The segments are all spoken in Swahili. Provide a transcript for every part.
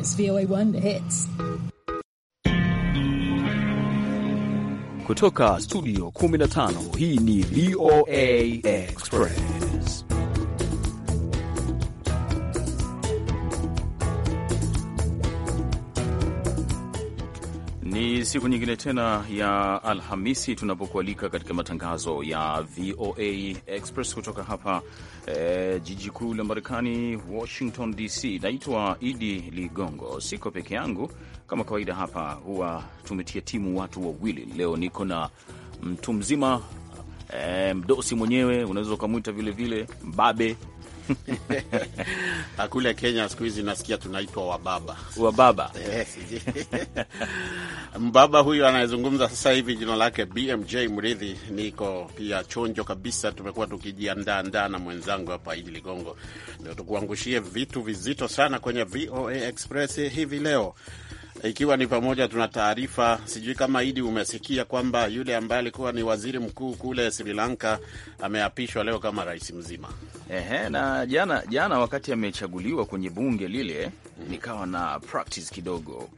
It's VOA1 Hits. Kutoka studio 15 hii ni VOA Express. Ni siku nyingine tena ya Alhamisi tunapokualika katika matangazo ya VOA Express kutoka hapa eh, jiji kuu la Marekani, Washington DC. Naitwa Idi Ligongo, siko peke yangu kama kawaida. Hapa huwa tumetia timu watu wawili, leo niko na mtu mzima eh, mdosi mwenyewe, unaweza ukamwita vilevile mbabe Ah, kule Kenya siku hizi nasikia tunaitwa wababa, wababa. Mbaba huyu anayezungumza sasa hivi jina lake BMJ Mridhi. Niko pia chonjo kabisa, tumekuwa ndaa na mwenzangu hapa Idi Ligongo ndio tukuangushie vitu vizito sana kwenye VOA Express hivi leo ikiwa ni pamoja, tuna taarifa, sijui kama Idi umesikia kwamba yule ambaye alikuwa ni waziri mkuu kule Sri Lanka ameapishwa leo kama rais mzima. Ehe, na jana jana wakati amechaguliwa kwenye bunge lile mm nikawa na practice kidogo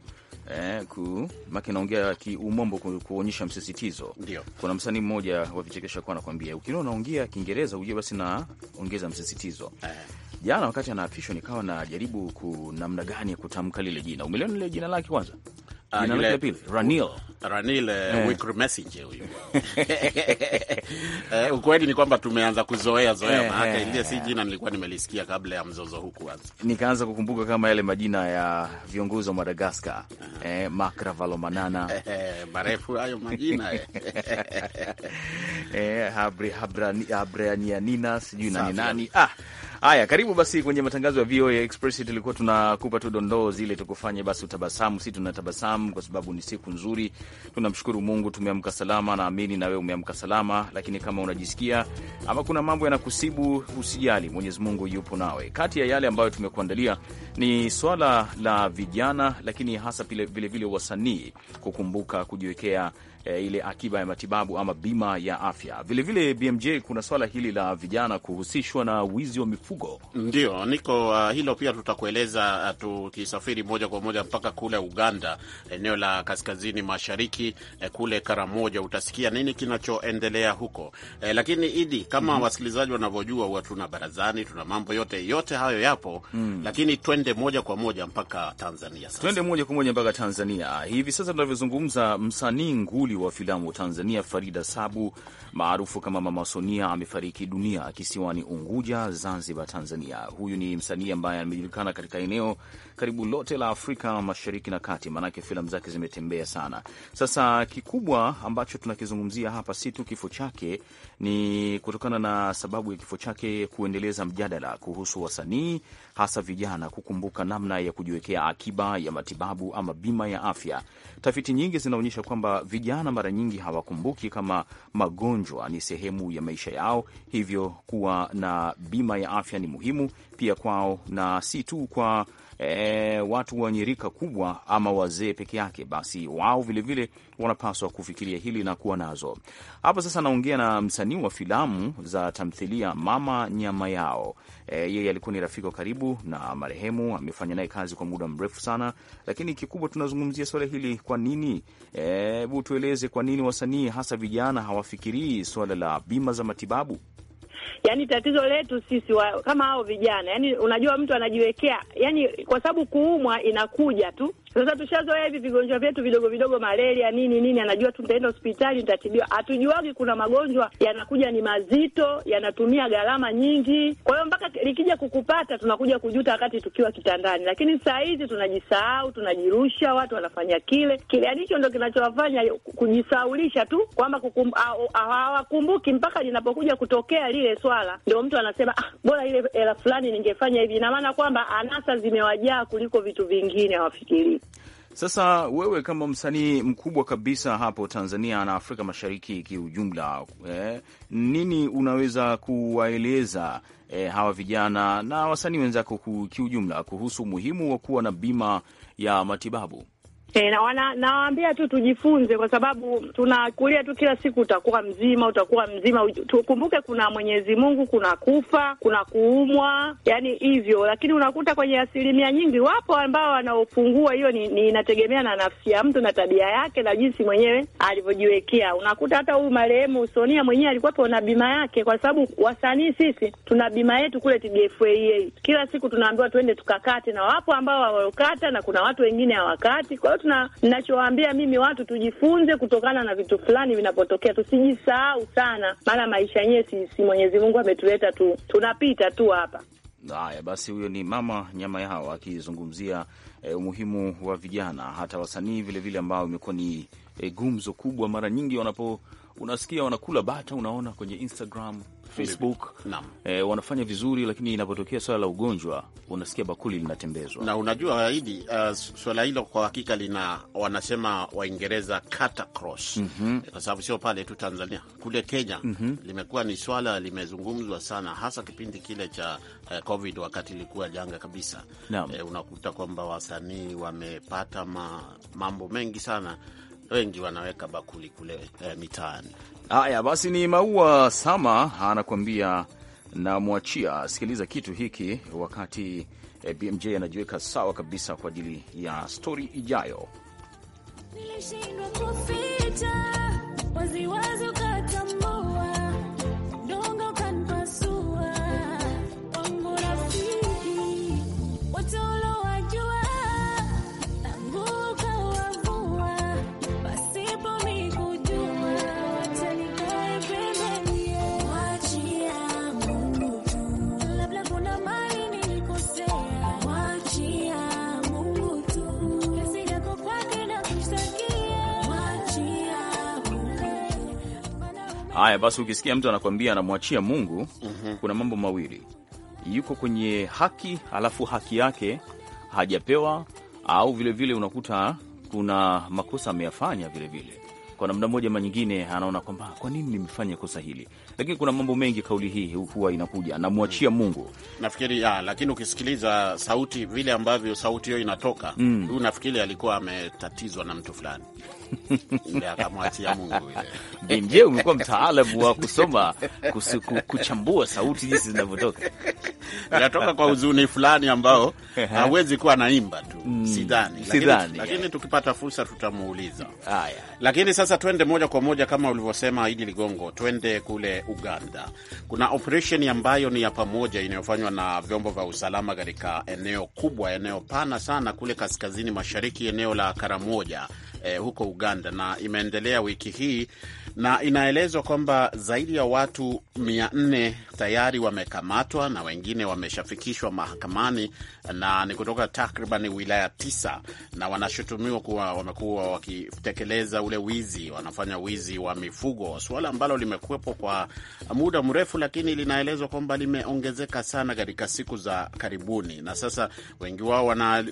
Eh, ku maki naongea kiumombo kuonyesha msisitizo. Ndio. Kuna msanii mmoja wa vichekesho alikuwa anakuambia ukiona unaongea Kiingereza ujue basi naongeza msisitizo. Eh jana wakati anaapishwa nikawa najaribu ku namna gani ya kutamka lile jina. Umeliona lile jina lake kwanza, ah, jina lake la pili Ranil Ranil eh, eh. huyu. Eh, ukweli ni kwamba tumeanza kuzoea zoea, maana ile si jina nilikuwa nimelisikia kabla ya mzozo huu kuanza, nikaanza kukumbuka kama yale majina ya viongozi wa Madagaskar eh, Makravalomanana marefu hayo majina eh, Eh, Habreanianina sijui nani nani ah Haya, karibu basi kwenye matangazo ya VOA Express. Tulikuwa tunakupa tu dondoo zile tukufanye basi utabasamu. Si tunatabasamu kwa sababu ni siku nzuri, tunamshukuru Mungu tumeamka salama. Naamini na wewe umeamka salama, lakini kama unajisikia ama kuna mambo yanakusibu, usijali, Mwenyezi Mungu yupo nawe. Kati ya yale ambayo tumekuandalia ni swala la vijana, lakini hasa vilevile wasanii kukumbuka kujiwekea e, ile akiba ya matibabu ama bima ya afya. Vilevile vile BMJ, kuna swala hili la vijana kuhusishwa na wizi wa mifugo. Ndio niko uh, hilo pia tutakueleza uh, tukisafiri moja kwa moja mpaka kule Uganda, eneo la kaskazini mashariki eh, kule Karamoja, utasikia nini kinachoendelea huko eh, lakini Idi, kama mm -hmm. wasikilizaji wanavyojua, huwa tuna barazani, tuna mambo yote yote hayo yapo mm. -hmm. Lakini twende moja kwa moja mpaka Tanzania sasa. Twende moja kwa moja mpaka Tanzania hivi sasa tunavyozungumza, msanii nguli nguli wa filamu Tanzania Farida Sabu maarufu kama Mama Sonia amefariki dunia kisiwani Unguja, Zanzibar, Tanzania. Huyu ni msanii ambaye amejulikana katika eneo karibu lote la Afrika Mashariki na Kati, maanake filamu zake zimetembea sana. Sasa kikubwa ambacho tunakizungumzia hapa si tu kifo chake, ni kutokana na sababu ya kifo chake kuendeleza mjadala kuhusu wasanii hasa vijana kukumbuka namna ya kujiwekea akiba ya matibabu ama bima ya afya. Tafiti nyingi zinaonyesha kwamba vijana mara nyingi hawakumbuki kama magonjwa ni sehemu ya maisha yao, hivyo kuwa na bima ya afya ni muhimu pia kwao na si tu kwa e, watu wenye rika kubwa ama wazee peke yake, basi wao vilevile wanapaswa kufikiria hili na kuwa nazo. Hapa sasa naongea na msanii wa filamu za tamthilia Mama Nyama Yao. E, yeye alikuwa ni rafiki wa karibu na marehemu, amefanya naye kazi kwa muda mrefu sana, lakini kikubwa tunazungumzia swala hili, kwa nini? E, hebu tueleze kwa nini wasanii hasa vijana hawafikirii swala la bima za matibabu? yani tatizo letu sisi wa, kama hao vijana yani, unajua mtu anajiwekea yani, kwa sababu kuumwa inakuja tu sasa tushazoea hivi vigonjwa vyetu vidogo vidogo, malaria nini nini, anajua tu nitaenda hospitali nitatibiwa. Hatujuagi kuna magonjwa yanakuja ni mazito, yanatumia gharama nyingi, kwa hiyo mpaka likija kukupata tunakuja kujuta wakati tukiwa kitandani. Lakini saa hizi tunajisahau, tunajirusha, watu wanafanya kile kile, yani hicho ndo kinachowafanya kujisaulisha tu kwamba hawakumbuki mpaka linapokuja kutokea lile swala, ndio mtu anasema ah, bora ile hela fulani ningefanya hivi. Ina maana kwamba anasa zimewajaa kuliko vitu vingine hawafikirii. Sasa wewe kama msanii mkubwa kabisa hapo Tanzania na Afrika Mashariki kiujumla, eh, nini unaweza kuwaeleza eh, hawa vijana na wasanii wenzako kiujumla kuhusu umuhimu wa kuwa na bima ya matibabu? E, na nawaambia tu tujifunze, kwa sababu tunakulia tu kila siku, utakuwa mzima, utakuwa mzima. Tukumbuke kuna Mwenyezi Mungu, kuna kufa, kuna kuumwa, yani hivyo. Lakini unakuta kwenye asilimia nyingi wapo ambao wanaofungua hiyo, ni inategemea na nafsi ya mtu na tabia yake na jinsi mwenyewe alivyojiwekea. Unakuta hata huyu marehemu Sonia mwenyewe alikuwapo na bima yake, kwa sababu wasanii sisi tuna bima yetu kule TGFAA. Kila siku tunaambiwa tuende tukakate, na wapo ambao hawakata na kuna watu wengine hawakati, kwa hiyo tuna ninachowaambia mimi watu tujifunze kutokana na vitu fulani vinapotokea, tusijisahau sana, maana maisha yenyewe si, si Mwenyezi Mungu ametuleta tu, tunapita tu hapa. Haya basi, huyo ni mama nyama yao akizungumzia e, umuhimu wa vijana, hata wasanii vilevile ambao imekuwa ni e, gumzo kubwa mara nyingi wanapo unasikia wanakula bata, unaona kwenye Instagram, Facebook e, wanafanya vizuri, lakini inapotokea swala la ugonjwa unasikia bakuli linatembezwa. Na unajua Idi, uh, swala hilo kwa hakika lina wanasema Waingereza kata cross mm -hmm. kwa sababu sio pale tu Tanzania, kule Kenya mm -hmm. limekuwa ni swala limezungumzwa sana, hasa kipindi kile cha uh, COVID wakati ilikuwa janga kabisa. E, unakuta kwamba wasanii wamepata ma, mambo mengi sana wengi wanaweka bakuli kule eh, mitaani. Haya basi, ni Maua Sama anakuambia namwachia. Sikiliza kitu hiki wakati eh, BMJ anajiweka sawa kabisa kwa ajili ya stori ijayo. Haya basi, ukisikia mtu anakwambia anamwachia Mungu mm -hmm. kuna mambo mawili, yuko kwenye haki, alafu haki yake hajapewa, au vilevile vile unakuta kuna makosa ameyafanya vilevile kwa namna moja ama nyingine, anaona kwamba kwa nini nimefanya kosa hili. Lakini kuna mambo mengi, kauli hii huwa inakuja namwachia mm. Mungu nafikiri ya, lakini ukisikiliza sauti vile ambavyo sauti hiyo inatoka mm. huyu nafikiri alikuwa ametatizwa na mtu fulani akamwachia Mungu ile. BMJ, umekuwa mtaalamu wa kusoma kusiku, kuchambua sauti jinsi zinavyotoka inatoka kwa huzuni fulani ambao hawezi kuwa naimba tu mm, sidhani, sidhani lakini, yeah. Lakini tukipata fursa tutamuuliza ah, yeah. Lakini sasa twende moja kwa moja kama ulivyosema Idi Ligongo, twende kule Uganda. Kuna operesheni ambayo ni ya pamoja inayofanywa na vyombo vya usalama katika eneo kubwa, eneo pana sana kule kaskazini mashariki, eneo la Karamoja eh, huko Uganda, na imeendelea wiki hii na inaelezwa kwamba zaidi ya watu mia nne tayari wamekamatwa na wengine wameshafikishwa mahakamani na ni kutoka takriban wilaya tisa, na wanashutumiwa kuwa wamekuwa wakitekeleza ule wizi, wanafanya wizi wa mifugo, suala ambalo limekuwepo kwa muda mrefu, lakini linaelezwa kwamba limeongezeka sana katika siku za karibuni, na sasa wengi wao wana,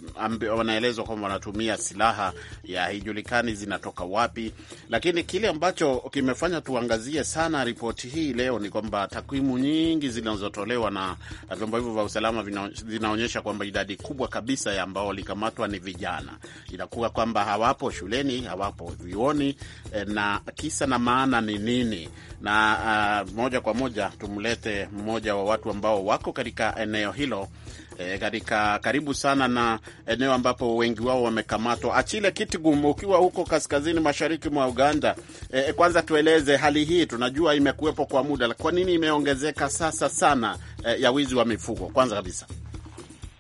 wanaelezwa kwamba wanatumia silaha ya haijulikani zinatoka wapi, lakini kile ambacho kimefanya tuangazie sana ripoti hii leo ni kwamba takwimu nyingi zinazotolewa na vyombo hivyo vya usalama zinaonyesha kwamba idadi kubwa kabisa ya ambao walikamatwa ni vijana. Inakuwa kwamba hawapo shuleni, hawapo vioni, eh, na kisa na maana ni nini? Na uh, moja kwa moja tumlete mmoja wa watu ambao wako katika eneo hilo e, katika karibu sana na eneo ambapo wengi wao wamekamatwa. Achile Kitgum, ukiwa huko kaskazini mashariki mwa Uganda, e, kwanza tueleze hali hii. Tunajua imekuwepo kwa muda, kwa nini imeongezeka sasa sana e, ya wizi wa mifugo kwanza kabisa?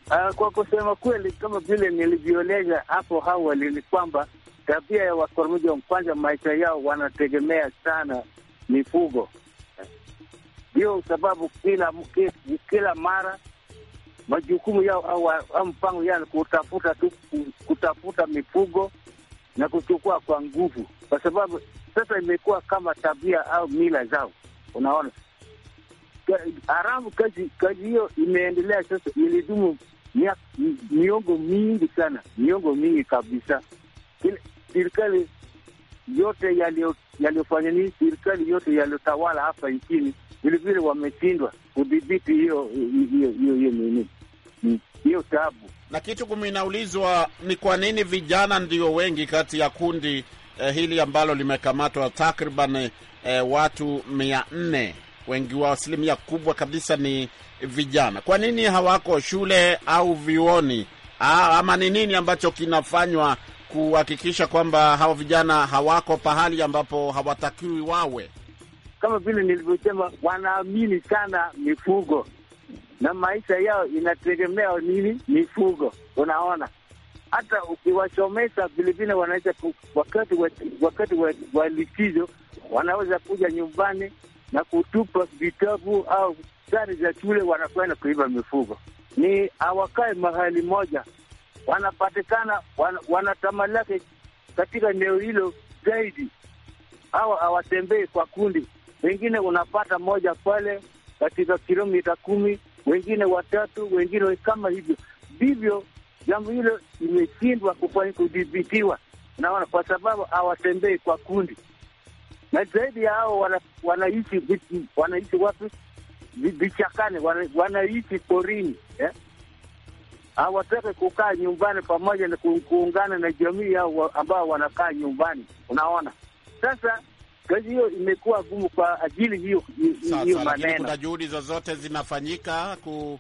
Uh, kwa kusema kweli, kama vile nilivyoeleza hapo awali ni kwamba tabia ya wakoromaji wa kwanza, maisha yao wanategemea sana mifugo. Ndio sababu kila kila mara majukumu yao au, mpango yao kutafuta tu kutafuta mifugo na kuchukua kwa nguvu, kwa sababu sasa imekuwa kama tabia au mila zao. Unaona haramu kazi kazi hiyo imeendelea sasa, ilidumu miongo mingi sana, miongo mingi kabisa. Serikali yote yaliyofanya nini, serikali yote yaliyotawala hapa nchini vilevile wameshindwa kudhibiti hiyo hiyo hiyo nini hmm, hiyo tabu. Na kitu kuminaulizwa ni kwa nini vijana ndio wengi kati ya kundi eh, hili ambalo limekamatwa takriban eh, watu mia nne, wengi wao asilimia kubwa kabisa ni vijana. Kwa nini hawako shule au vioni? Aa, ama ni nini ambacho kinafanywa kuhakikisha kwamba hawa vijana hawako pahali ambapo hawatakiwi wawe? kama vile nilivyosema, wanaamini sana mifugo na maisha yao inategemea nini? Mifugo. Unaona, hata ukiwachomesa vilevile, wanaweza wakati wa, wakati wa likizo wanaweza kuja nyumbani na kutupa vitabu au sare za shule, wanakwenda kuiba mifugo. Ni hawakae mahali moja, wanapatikana wan, wanatamalake katika eneo hilo zaidi, au hawatembei kwa kundi, wengine unapata moja pale katika kilomita kumi, wengine watatu, wengine kama hivyo vivyo. Jambo hilo imeshindwa kudhibitiwa, naona kwa sababu hawatembei kwa kundi, na zaidi ya hao wanaishi wanaishi wapi? Vichakani, wanaishi porini eh? hawataki kukaa nyumbani pamoja na kuungana na jamii yao ambao wanakaa nyumbani. Unaona sasa kwa hiyo imekuwa gumu kwa ajili hiyo hiyo maneno. Kuna juhudi zozote zinafanyika ku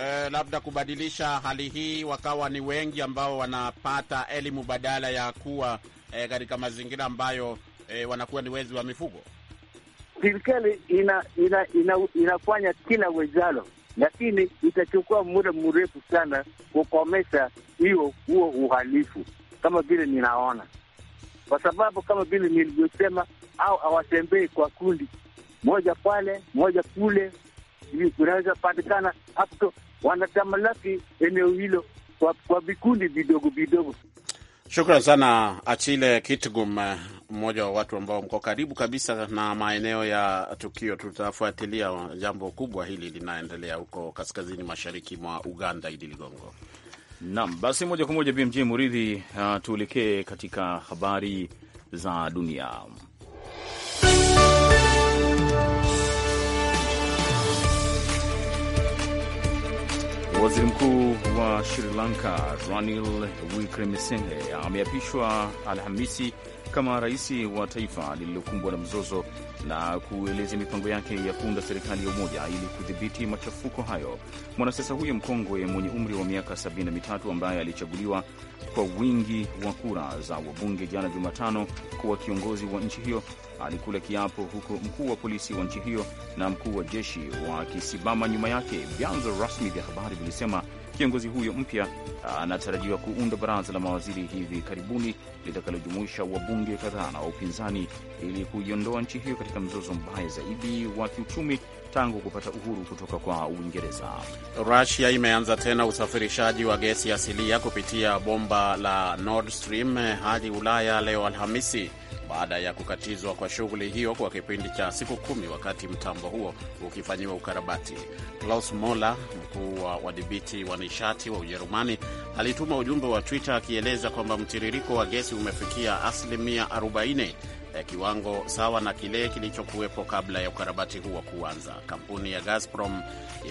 eh, labda kubadilisha hali hii, wakawa ni wengi ambao wanapata elimu badala ya kuwa eh, katika mazingira ambayo eh, wanakuwa ni wezi wa mifugo. Serikali ina, ina, ina, inafanya kila wezalo, lakini itachukua muda mrefu sana kukomesha hiyo huo uhalifu, kama vile ninaona, kwa sababu kama vile nilivyosema au awatembei kwa kundi moja pale moja kule, kunaweza patikana hapo, wanatamalaki eneo hilo kwa, kwa vikundi vidogo vidogo. Shukran sana Achile Kitgum, mmoja wa watu ambao mko karibu kabisa na maeneo ya tukio. Tutafuatilia jambo kubwa hili linaendelea huko kaskazini mashariki mwa Uganda. Idi Ligongo. nam basi moja kwa moja BMJ Muridhi, uh, tuelekee katika habari za dunia. Waziri mkuu wa Sri Lanka Ranil Wickremesinghe ameapishwa Alhamisi kama rais wa taifa lililokumbwa na mzozo na kueleza mipango yake ya kuunda serikali ya umoja ili kudhibiti machafuko hayo. Mwanasiasa huyo mkongwe mwenye umri wa miaka 73 ambaye alichaguliwa kwa wingi wa kura za wabunge jana Jumatano kuwa kiongozi wa nchi hiyo alikula kiapo huku mkuu wa polisi wa nchi hiyo na mkuu wa jeshi wakisimama nyuma yake. Vyanzo rasmi vya habari vilisema kiongozi huyo mpya anatarajiwa kuunda baraza la mawaziri hivi karibuni litakalojumuisha wabunge kadhaa na wa upinzani ili kuiondoa nchi hiyo katika mzozo mbaya zaidi wa kiuchumi tangu kupata uhuru kutoka kwa Uingereza. Rusia imeanza tena usafirishaji wa gesi asilia kupitia bomba la Nord Stream hadi Ulaya leo Alhamisi baada ya kukatizwa kwa shughuli hiyo kwa kipindi cha siku kumi wakati mtambo huo ukifanyiwa ukarabati. Klaus Mola, mkuu wa wadhibiti wa nishati wa Ujerumani, alituma ujumbe wa Twitter akieleza kwamba mtiririko wa gesi umefikia asilimia kiwango sawa na kile kilichokuwepo kabla ya ukarabati huo kuanza. Kampuni ya Gazprom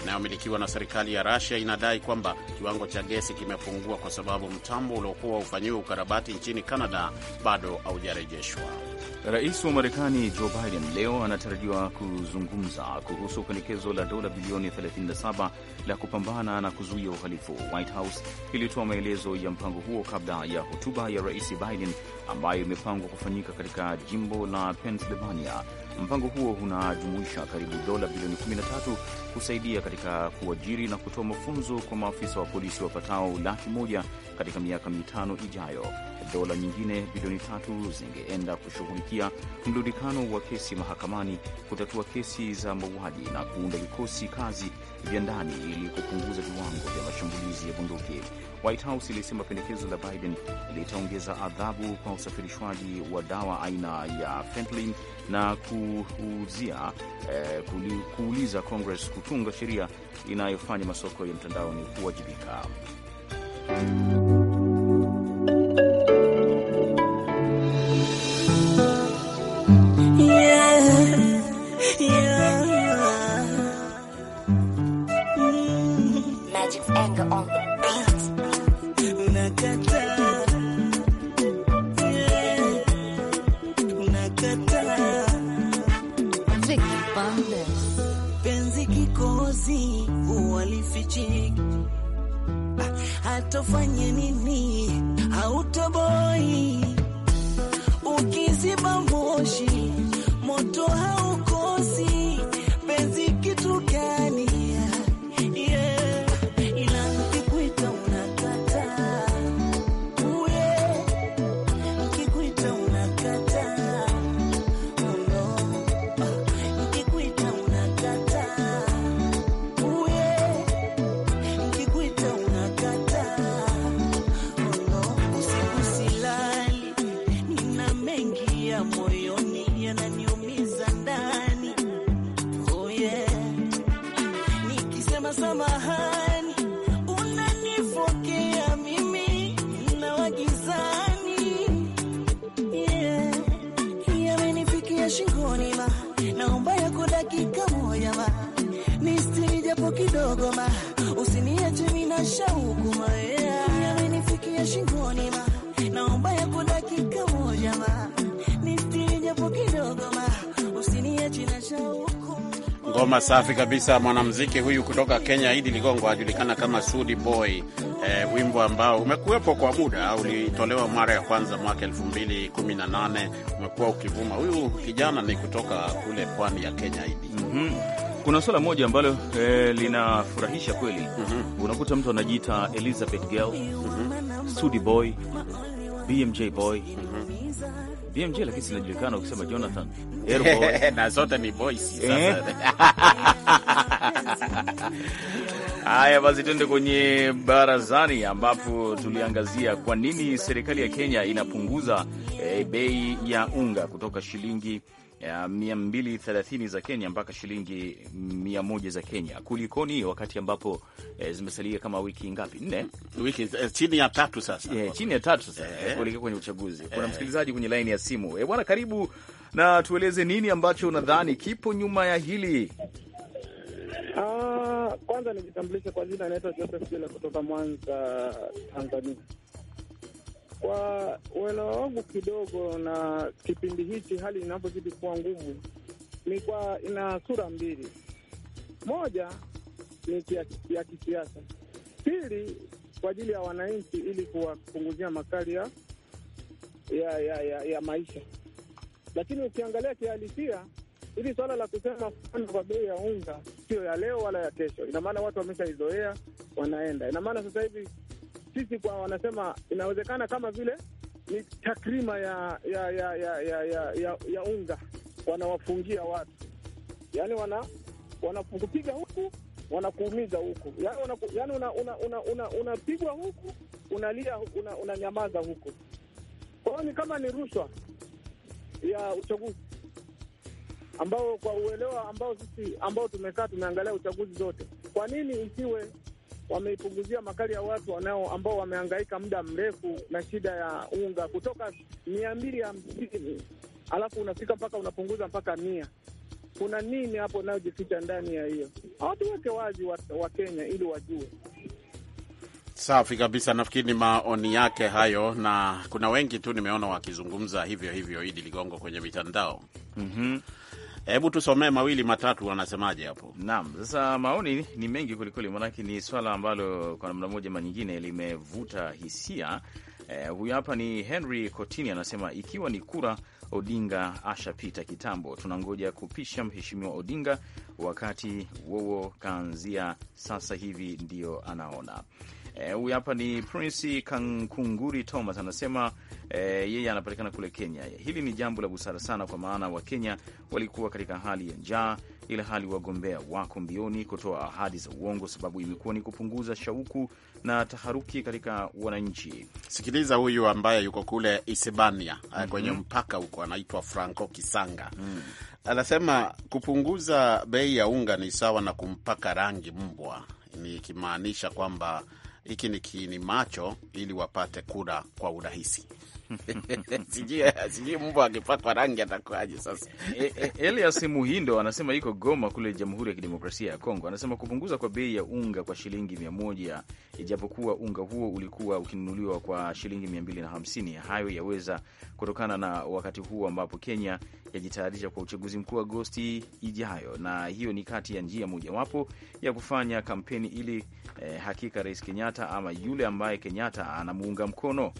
inayomilikiwa na serikali ya Russia inadai kwamba kiwango cha gesi kimepungua kwa sababu mtambo uliokuwa ufanyiwe ukarabati nchini Canada bado haujarejeshwa. Rais wa Marekani Joe Biden leo anatarajiwa kuzungumza kuhusu pendekezo la dola bilioni 37 la kupambana na kuzuia uhalifu. White House ilitoa maelezo ya mpango huo kabla ya hotuba ya Rais Biden ambayo imepangwa kufanyika katika jimbo la Pennsylvania. Mpango huo unajumuisha karibu dola bilioni 13 kusaidia katika kuajiri na kutoa mafunzo kwa maafisa wa polisi wapatao laki moja katika miaka mitano ijayo dola nyingine bilioni tatu zingeenda kushughulikia mrundikano wa kesi mahakamani, kutatua kesi za mauaji na kuunda vikosi kazi vya ndani ili kupunguza viwango vya mashambulizi ya bunduki. White House ilisema pendekezo la Biden litaongeza adhabu kwa usafirishwaji wa dawa aina ya fentanyl na kuuzia eh, kuuliza Congress kutunga sheria inayofanya masoko ya mtandaoni kuwajibika. kibichi, hatofanye nini, hautoboi na shauku shingoni ma naomba dakika moja ma nistiri japo kidogo ma na shauku. Ngoma safi kabisa, mwanamuziki huyu kutoka Kenya, Idi Ligongo ajulikana kama Sudi Boy. E, wimbo ambao umekuwepo kwa muda, ulitolewa mara ya kwanza mwaka 2018 umekuwa ukivuma. Huyu kijana ni kutoka kule pwani ya Kenya, Idi. mm -hmm. Kuna swala moja ambalo eh, linafurahisha kweli. mm -hmm. Unakuta mtu anajiita Elizabeth Girl, mm -hmm. Sudi Boy, mhm. BMJ Boy, mm -hmm. BMJ lakini sinajulikana ukisema Jonathan na zote ni boys sasa. Eh? Haya basi, tuende kwenye barazani ambapo tuliangazia kwa nini serikali ya Kenya inapunguza e, bei ya unga kutoka shilingi 230 za Kenya mpaka shilingi 100 za Kenya. Kulikoni wakati ambapo e, zimesalia kama wiki ngapi? Nne wiki, eh, chini ya tatu sasa, yeah, chini ya tatu sasa e, kuelekea kwenye uchaguzi. Kuna msikilizaji kwenye laini ya simu. E, bwana, karibu na tueleze nini ambacho unadhani kipo nyuma ya hili. Ah, kwanza nijitambulishe kwa jina, naitwa Joseph Jela kutoka Mwanza, Tanzania. Kwa uelewa wangu kidogo na kipindi hichi, hali inavyozidi kuwa ngumu, ni kwa ina sura mbili. Moja ni ya kisiasa, pili kwa ajili ya wananchi, ili kuwapunguzia makali ya, ya, ya, ya maisha. Lakini ukiangalia kihalisia, hili swala la kusema kupanda kwa bei ya unga sio ya leo wala ya kesho. Ina maana watu wameshaizoea, wanaenda. Ina maana sasa hivi sisi kwa wanasema inawezekana kama vile ni takrima ya ya ya ya ya, ya, ya, ya unga wanawafungia watu, yani wana wanakupiga huku wanakuumiza huku, yani unaku, yani unapigwa una, una, una, una huku unalia una, unanyamaza huku. Kwa hiyo ni kama ni rushwa ya uchaguzi ambao kwa uelewa ambao sisi ambao tumekaa tumeangalia uchaguzi zote, kwa nini isiwe wameipunguzia makali ya watu wanao ambao wamehangaika muda mrefu na shida ya unga kutoka mia mbili hamsini alafu unafika mpaka unapunguza mpaka mia. Kuna nini hapo inayojificha ndani ya hiyo? Watuweke wazi wa wa ili wajue. Safi kabisa, nafikiri ni maoni yake hayo, na kuna wengi tu nimeona wakizungumza hivyo hivyo, Idi Ligongo, kwenye mitandao mm -hmm. Hebu tusomee mawili matatu, wanasemaje hapo? Naam, sasa maoni ni mengi kwelikweli, maanake ni swala ambalo kwa namna moja ama nyingine limevuta hisia. Eh, huyu hapa ni Henry Kotini anasema, ikiwa ni kura Odinga ashapita kitambo, tunangoja kupisha mheshimiwa Odinga wakati wowo kaanzia sasa hivi, ndiyo anaona Eh, huyu e, hapa ni Prince Kankunguri Thomas anasema e, yeye anapatikana kule Kenya. Hili ni jambo la busara sana, kwa maana Wakenya walikuwa katika hali ya njaa, ila hali wagombea wako mbioni kutoa ahadi za uongo, sababu imekuwa ni kupunguza shauku na taharuki katika wananchi. Sikiliza huyu ambaye yuko kule Isebania mm -hmm. kwenye mpaka huko, anaitwa Franco Kisanga mm. Anasema kupunguza bei ya unga ni sawa na kumpaka rangi mbwa, nikimaanisha kwamba hiki ni kiini macho ili wapate kura kwa urahisi. sijui mbwa akipakwa rangi atakuaje sasa. E, e, Elias Muhindo anasema iko Goma kule Jamhuri ya Kidemokrasia ya Kongo, anasema kupunguza kwa bei ya unga kwa shilingi mia moja ijapokuwa unga huo ulikuwa ukinunuliwa kwa shilingi mia mbili na hamsini hayo yaweza kutokana na wakati huu ambapo Kenya yajitayarisha kwa uchaguzi mkuu Agosti ijayo, na hiyo ni kati ya njia mojawapo ya kufanya kampeni ili eh, hakika Rais Kenyatta ama yule ambaye Kenyatta anamuunga mkono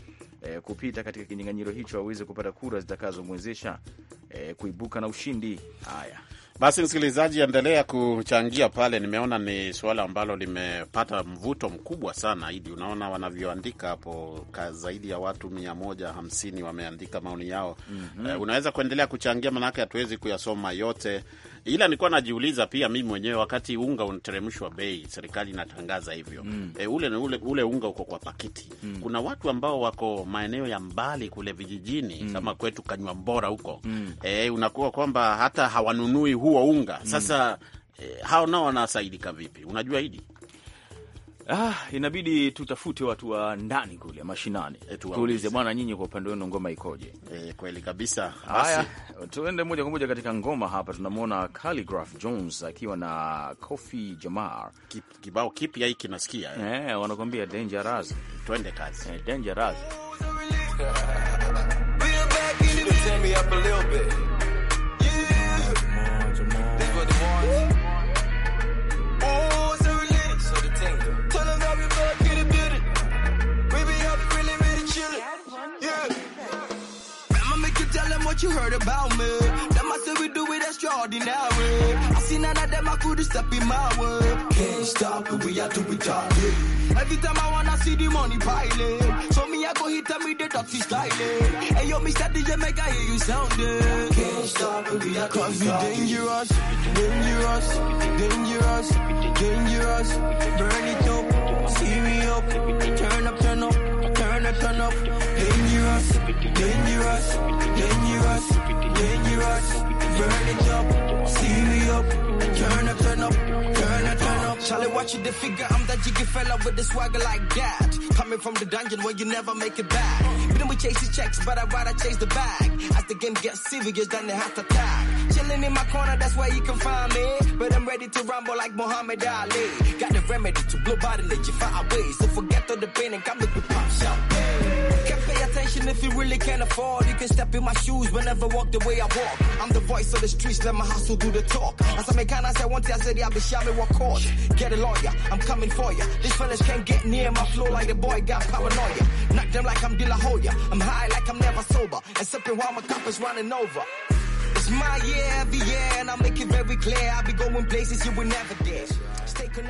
e, kupita katika kinyang'anyiro hicho aweze kupata kura zitakazomwezesha e, kuibuka na ushindi. Haya basi, msikilizaji, endelea kuchangia pale. Nimeona ni suala ambalo limepata mvuto mkubwa sana, Idi. Unaona wanavyoandika hapo, zaidi ya watu mia moja hamsini wameandika maoni yao. mm -hmm. E, unaweza kuendelea kuchangia, manake hatuwezi kuyasoma yote ila nilikuwa najiuliza pia mimi mwenyewe, wakati unga unateremshwa bei, serikali inatangaza hivyo mm. E, ule, ule, ule unga uko kwa pakiti mm. Kuna watu ambao wako maeneo ya mbali kule vijijini mm. kama kwetu Kanywa Mbora huko mm. E, unakuwa kwamba hata hawanunui huo unga mm. sasa mm. E, hao nao wanasaidika vipi? Unajua hili Ah, inabidi tutafute watu wa ndani kule mashinani eh, tuulize, bwana, nyinyi kwa upande wenu ngoma ikoje? E, kweli kabisa. Haya, tuende moja kwa moja katika ngoma hapa. Tunamwona Khaligraph Jones akiwa na Kofi Jamar, kibao kipya hiki kinasikia eh. E, wanakuambia dangerous. Twende kazi eh, dangerous what you heard about me. That I say we do it extraordinary. I see none of them I could step in my way. Can't stop it, we are to be target. Every time I wanna see the money piling. So me I go hit them with the dirty styling. Hey yo, Mr. DJ, make I hear you sounding. Can't stop it, we are to be dangerous, dangerous, dangerous, dangerous. Burn it up, see me up, turn up, turn up, turn up, turn up. Dangerous dangerous, dangerous, dangerous, dangerous. Burn it up, see me up, turn up, turn up, turn up, turn up. Charlie, watch you the figure. I'm that jiggy fella with the swagger like that. Coming from the dungeon where you never make it back. Been we chasing checks, but I rather chase the bag. As the game gets serious, then they have to tag. Chilling in my corner, that's where you can find me. But I'm ready to rumble like Muhammad Ali. Got the remedy to blow body, let you far away. So forget all the pain and come with with pop champagne attention if you really can not afford. You can step in my shoes But never walk the way I walk. I'm the voice of the streets, let my hustle do the talk. As I make kind, I said one thing, I said, I'll be shy, what cause? Get a lawyer, I'm coming for ya. These fellas can't get near my flow like the boy got paranoia. Knock them like I'm De La Hoya. I'm high like I'm never sober. And sipping while my cup is running over. It's my year every year, and I make it very clear. I be going places you will never dare.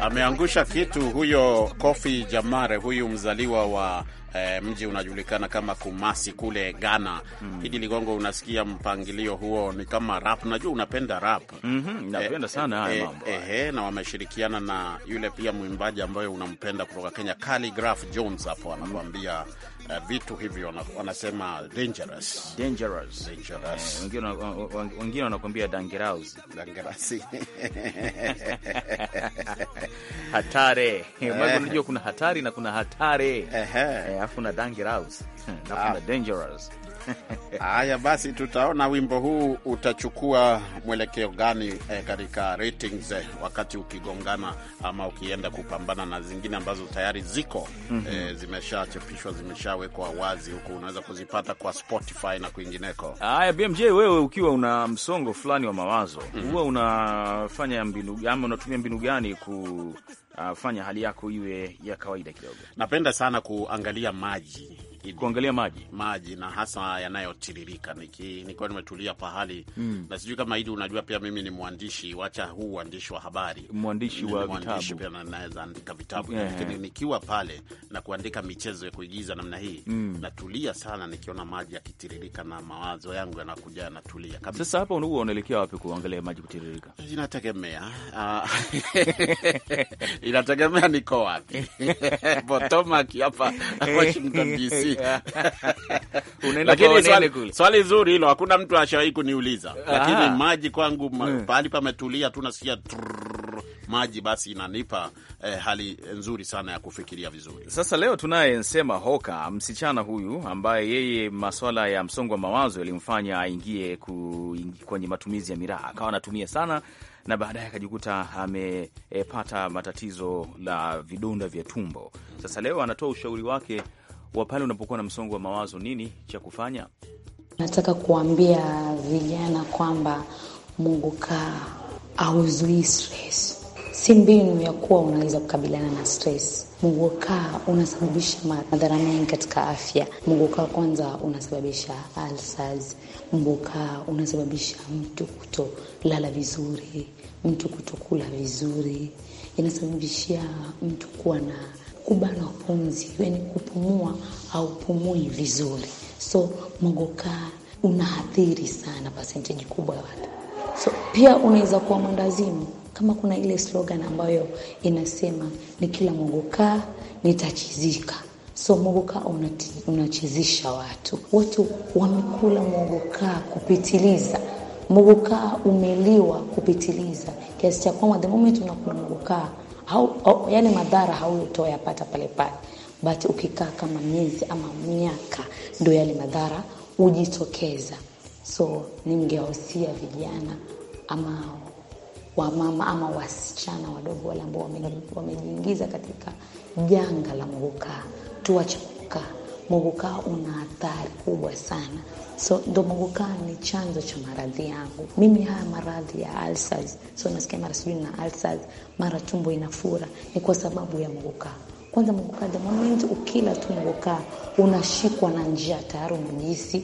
ameangusha kitu huyo Kofi Jamare, huyu mzaliwa wa e, mji unajulikana kama Kumasi kule Ghana. mm -hmm. Hili ligongo, unasikia mpangilio huo ni kama rap. Najua unapenda rap. mm -hmm. Napenda eh, sana e, mambo e, e, na wameshirikiana na yule pia mwimbaji ambayo unampenda kutoka Kenya, Khaligraph Jones. Hapo anakuambia Uh, vitu hivyo wanasema dangerous dangerous dangerous, wengine wanakuambia dangerous dangerous. hatare eh. unajua kuna hatari na kuna hatare, eh, alafu na dangerous na kuna ah. dangerous Haya basi, tutaona wimbo huu utachukua mwelekeo gani eh, katika ratings eh, wakati ukigongana ama ukienda kupambana na zingine ambazo tayari ziko mm -hmm. eh, zimeshachapishwa zimeshawekwa wazi huku, unaweza kuzipata kwa Spotify na kwingineko. Haya BMJ, wewe ukiwa una msongo fulani wa mawazo mm -hmm. huwa unafanya mbinu ama unatumia mbinu gani ku Uh, fanya hali yako iwe ya kawaida kidogo. Napenda sana kuangalia maji kuangalia maji maji na hasa yanayotiririka. Nikiwa nimetulia pahali mm. na sijui kama hili, unajua pia mimi ni mwandishi, wacha huu uandishi wa habari, mwandishi wa vitabu pia naweza andika vitabu yeah. Lakini nikiwa pale na kuandika michezo ya kuigiza namna hii mm. natulia sana nikiona maji yakitiririka na mawazo yangu yanakuja yanatulia kabisa. Sasa hapa unaua unaelekea wapi kuangalia maji kutiririka? Inategemea ah. inategemea niko wapi Potomac hapa Washington DC lakini swali, swali zuri hilo, hakuna mtu ashawahi kuniuliza, lakini maji kwangu ma, hmm. pahali pametulia tu nasikia maji basi inanipa eh, hali nzuri sana ya kufikiria vizuri. Sasa leo tunaye Nsema Hoka, msichana huyu ambaye yeye maswala ya msongo wa mawazo yalimfanya aingie kwenye matumizi ya miraa, akawa anatumia sana na baadaye akajikuta amepata matatizo la vidonda vya tumbo. Sasa leo anatoa ushauri wake wa pale unapokuwa na msongo wa mawazo, nini cha kufanya? Nataka kuambia vijana kwamba Mungu kaa auzuii stress, si mbinu ya kuwa unaweza kukabiliana na stress. Mungu kaa unasababisha madhara mengi katika afya. Mungu kaa kwanza unasababisha ulcers. Mungu kaa unasababisha mtu kutolala vizuri, mtu kutokula vizuri, inasababishia mtu kuwa na kubana pumzi, yani kupumua au pumui vizuri. So mogokaa unaathiri sana pasenteji kubwa ya watu. So pia unaweza kuwa mwendazimu, kama kuna ile slogan ambayo inasema ni kila mogokaa nitachizika. So mogokaa unachizisha watu, watu wamekula mogokaa kupitiliza mogokaa umeliwa kupitiliza kiasi cha kwamba the moment unakula mogokaa hau, au, yani madhara hautoyapata pale pale, but ukikaa kama miezi ama miaka ndo yale madhara hujitokeza. So ningewahusia vijana ama wamama ama wasichana wadogo wale ambao wamejiingiza katika janga la maukaa, tuwache kukaa mugukaa una athari kubwa sana. So ndo mugukaa ni chanzo cha maradhi yangu mimi, haya maradhi ya ulcers. So nasikia mara sijui na ulcers, mara tumbo inafura, ni kwa sababu ya mugukaa. Kwanza mugukaa, the moment ukila tu mugukaa unashikwa na njia tayari, unajihisi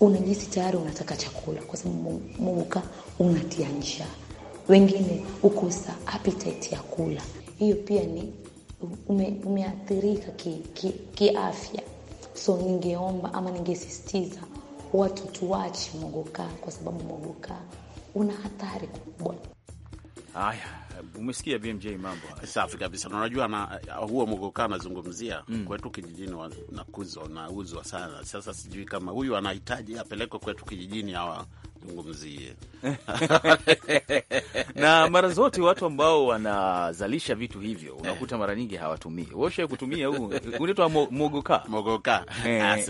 unajisi tayari unataka chakula, kwa sababu mugukaa unatia njia Wengine ukosa appetite ya kula, hiyo pia ni ume, umeathirika kiafya ki, ki So ningeomba ama ningesisitiza watu tuwache mwogokaa kwa sababu mwogokaa una hatari kubwa. Haya, umesikia BMJ, mambo safi kabisa. Na unajua na eh, huo mwogokaa anazungumzia mm. Kwetu kijijini nakuzwa nauzwa sana. Sasa sijui kama huyu anahitaji apelekwe kwetu kijijini awa zungumzie na mara zote watu ambao wanazalisha vitu hivyo unakuta mara nyingi hawatumii woshe kutumia huu unaitwa mogoka mogoka eh.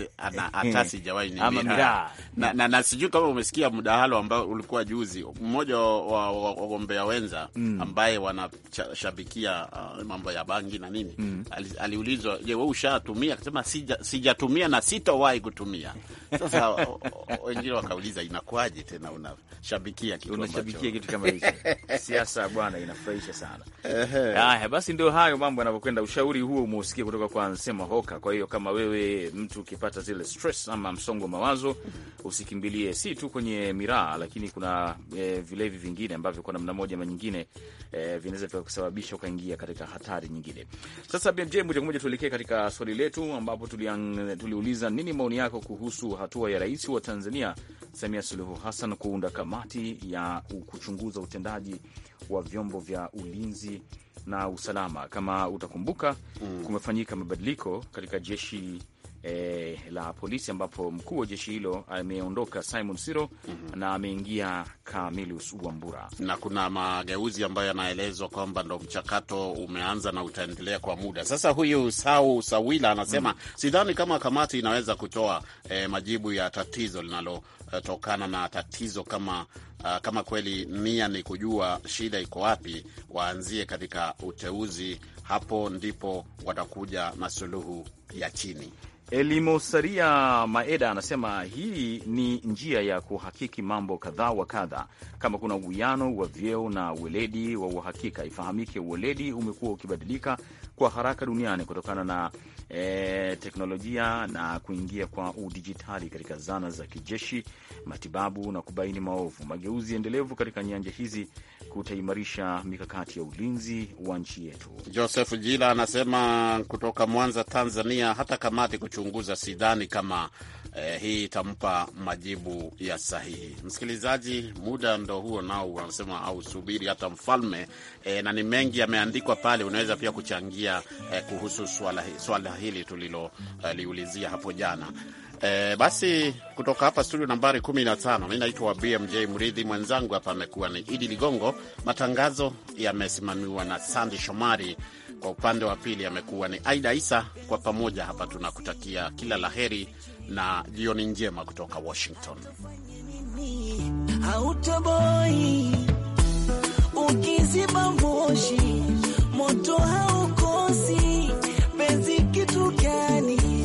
hata eh. sijawahi ama miraa na, na, na sijui kama umesikia mdahalo ambao ulikuwa juzi, mmoja wa wagombea wenza mm. ambaye wanashabikia uh, mambo ya bangi na nini mm. aliulizwa, je, we ushatumia? Akasema sijatumia sija na sitowahi kutumia. Sasa wengine wakauliza inakuwaje? unafanyaje tena, unashabikia kitu, unashabikia kitu kama hicho siasa bwana, inafurahisha sana. Haya basi, ndio hayo mambo yanavyokwenda. Ushauri huo umeusikia kutoka kwa Ansema Hoka. Kwa hiyo kama wewe mtu ukipata zile stress ama msongo wa mawazo, usikimbilie si tu kwenye miraa, lakini kuna e, vilevi vingine ambavyo kwa namna moja ama nyingine e, vinaweza vikakusababisha ukaingia katika hatari nyingine. Sasa BMJ, moja kwa moja tuelekee katika swali letu ambapo tuliuliza, tuli nini maoni yako kuhusu hatua ya rais wa Tanzania Samia Suluhu Hassan kuunda kamati ya kuchunguza utendaji wa vyombo vya ulinzi na usalama. Kama utakumbuka, mm. kumefanyika mabadiliko katika jeshi e, la polisi ambapo mkuu wa jeshi hilo ameondoka Simon Siro mm -hmm. na ameingia Kamilus Wambura, na kuna mageuzi ambayo yanaelezwa kwamba ndo mchakato umeanza na utaendelea kwa muda sasa. Huyu Sau Sawila anasema mm -hmm. sidhani kama kamati inaweza kutoa e, majibu ya tatizo linalotokana na tatizo kama Uh, kama kweli nia ni kujua shida iko wapi, waanzie katika uteuzi. Hapo ndipo watakuja na suluhu ya chini. Elimosaria Maeda anasema hii ni njia ya kuhakiki mambo kadha wa kadha. Kama kuna uwiano wa vyeo na weledi wa uhakika, ifahamike, uweledi umekuwa ukibadilika kwa haraka duniani kutokana na e, teknolojia na kuingia kwa udijitali katika zana za kijeshi, matibabu na kubaini maovu. Mageuzi endelevu katika nyanja hizi kutaimarisha mikakati ya ulinzi wa nchi yetu. Joseph Jila anasema kutoka Mwanza, Tanzania, hata kamati kuchunguza, sidhani kama e, hii itampa majibu ya sahihi. Msikilizaji, muda ndo huo nao wanasema, au subiri hata mfalme e, na ni mengi yameandikwa pale, unaweza pia kuchangia kuzungumzia eh, kuhusu swala, swala hili tuliloliulizia eh, hapo jana. Eh, basi kutoka hapa studio nambari 15 mi naitwa BMJ Mridhi, mwenzangu hapa amekuwa ni Idi Ligongo. Matangazo yamesimamiwa na Sandi Shomari, kwa upande wa pili amekuwa ni Aida Isa. Kwa pamoja hapa tunakutakia kila la heri na jioni njema kutoka Washington. Autoboi, mapenzi kitu gani?